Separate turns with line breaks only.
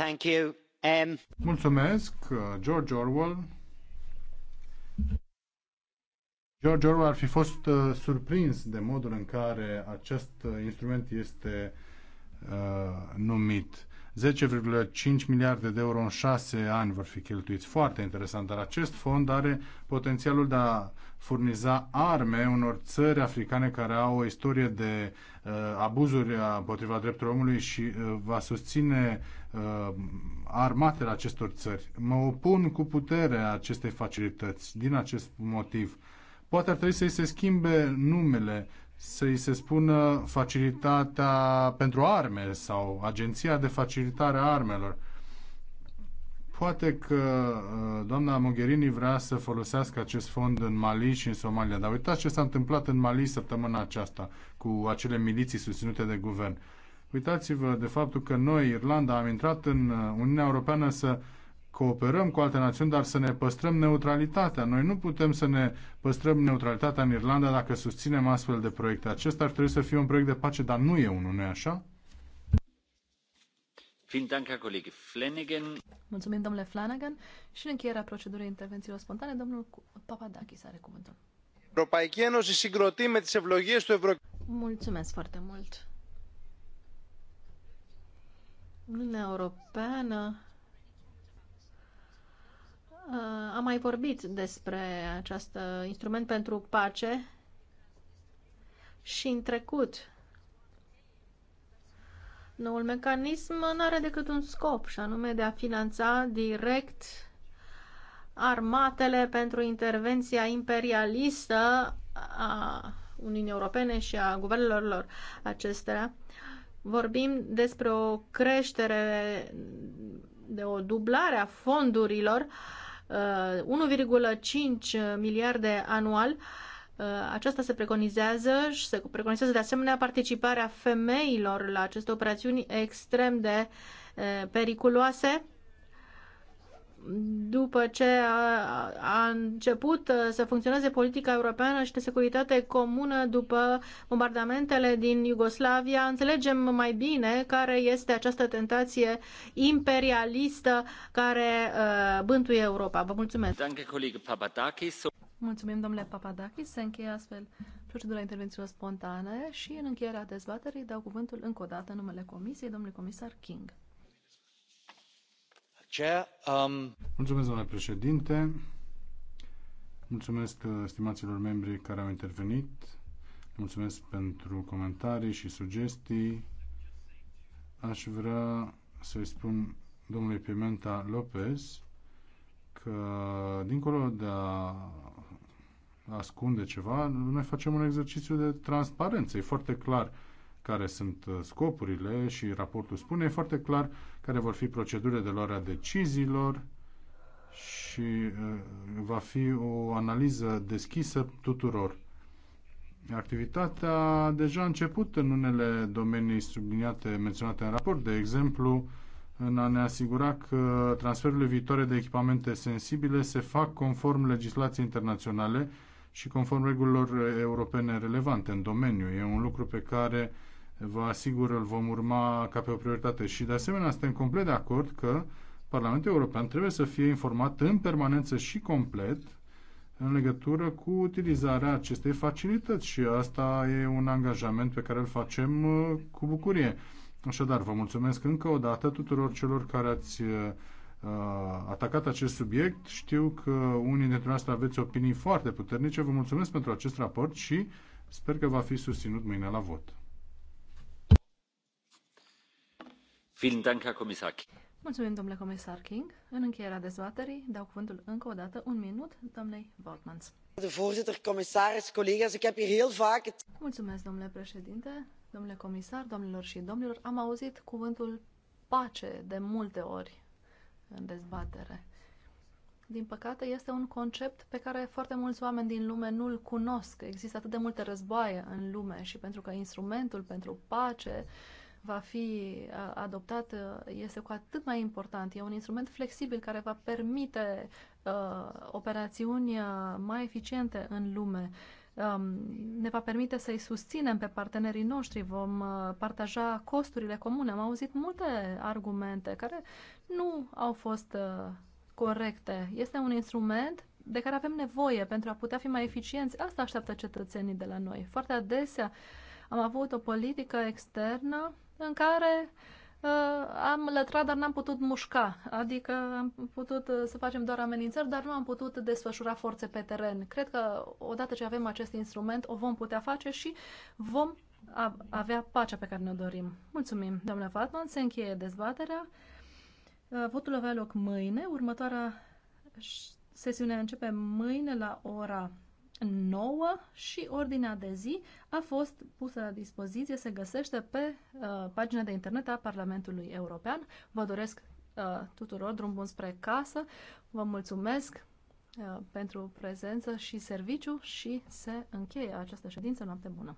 Um, Mulțumesc, uh, George Orwell. George Orwell ar fi fost uh, surprins de modul în care acest uh, instrument este uh, numit. 10,5 miliarde de euro în 6 ani vor fi cheltuiți. Foarte interesant, dar acest fond are potențialul de a furniza arme unor țări africane care au o istorie de uh, abuzuri împotriva drepturilor omului și uh, va susține uh, armatele acestor țări. Mă opun cu putere acestei facilități din acest motiv. Poate ar trebui să-i se schimbe numele să-i se spună facilitatea pentru arme sau agenția de facilitare a armelor. Poate că uh, doamna Mogherini vrea să folosească acest fond în Mali și în Somalia, dar uitați ce s-a întâmplat în Mali săptămâna aceasta cu acele miliții susținute de guvern. Uitați-vă de faptul că noi, Irlanda, am intrat în uh, Uniunea Europeană să uh, cooperăm cu alte națiuni, dar să ne păstrăm neutralitatea. Noi nu putem să ne păstrăm neutralitatea în Irlanda dacă susținem astfel de proiecte. Acesta ar trebui să fie un proiect de pace, dar nu e unul, nu e așa?
Mulțumim, domnule Flanagan. Și în încheierea procedurii intervențiilor spontane, domnul Papadakis are cuvântul.
Mulțumesc foarte mult. Uniunea Europeană am mai vorbit despre acest instrument pentru pace și în trecut. Noul mecanism nu are decât un scop, și anume de a finanța direct armatele pentru intervenția imperialistă a Uniunii Europene și a guvernelor lor acestea. Vorbim despre o creștere de o dublare a fondurilor uh, 1,5 uh, miliarde anual. Uh, aceasta se preconizează și se preconizează de asemenea participarea femeilor la aceste operațiuni extrem de uh, periculoase după ce a, început să funcționeze politica europeană și de securitate comună după bombardamentele din Iugoslavia, înțelegem mai bine care este această tentație imperialistă care uh, bântuie Europa. Vă mulțumesc!
Mulțumim, domnule Papadakis. Se încheie astfel procedura intervențiilor spontane și în încheierea dezbaterii dau cuvântul încă o dată în numele Comisiei, domnule comisar King.
Um, Mulțumesc, domnule președinte. Mulțumesc uh, stimaților membri care au intervenit. Mulțumesc pentru comentarii și sugestii. Aș vrea să-i spun domnului Pimenta Lopez că, dincolo de a ascunde ceva, noi facem un exercițiu de transparență. E foarte clar care sunt uh, scopurile și raportul spune foarte clar care vor fi procedurile de luare a deciziilor și uh, va fi o analiză deschisă tuturor. Activitatea a deja început în unele domenii subliniate, menționate în raport, de exemplu, în a ne asigura că transferurile viitoare de echipamente sensibile se fac conform legislației internaționale și conform regulilor europene relevante în domeniu. E un lucru pe care vă asigur îl vom urma ca pe o prioritate și de asemenea suntem complet de acord că Parlamentul European trebuie să fie informat în permanență și complet în legătură cu utilizarea acestei facilități și asta e un angajament pe care îl facem uh, cu bucurie. Așadar, vă mulțumesc încă o dată tuturor celor care ați uh, atacat acest subiect. Știu că unii dintre noastre aveți opinii foarte puternice. Vă mulțumesc pentru acest raport și sper că va fi susținut mâine la vot.
Mulțumim, domnule comisar King. În încheierea dezbaterii dau cuvântul încă o dată un minut doamnei Bortmans. Mulțumesc, domnule președinte, domnule comisar, domnilor și domnilor. Am auzit cuvântul pace de multe ori în dezbatere. Din păcate, este un concept pe care foarte mulți oameni din lume nu-l cunosc. Există atât de multe războaie în lume și pentru că instrumentul pentru pace va fi adoptat este cu atât mai important. E un instrument flexibil care va permite uh, operațiuni mai eficiente în lume. Uh, Um, ne va permite să-i susținem pe partenerii noștri, vom uh, partaja costurile comune. Am auzit multe argumente care nu au fost uh, corecte. Este un instrument de care avem nevoie pentru a putea fi mai eficienți. Asta așteaptă cetățenii de la noi. Foarte adesea am avut o politică externă în care uh, Uh, am lătrat, dar n-am putut mușca. Adică am putut uh, să facem doar amenințări, dar nu am putut desfășura forțe pe teren. Cred că odată ce avem acest instrument, o vom putea face și vom avea pacea pe care ne-o dorim. Mulțumim, doamna Fatman. Se încheie dezbaterea. Uh, votul avea loc mâine. Următoarea sesiune începe mâine la ora nouă și ordinea de zi a fost pusă la dispoziție, se găsește pe uh, pagina de internet a Parlamentului European. Vă doresc uh, tuturor drum bun spre casă, vă mulțumesc uh, pentru prezență și serviciu și se încheie această ședință. Noapte bună!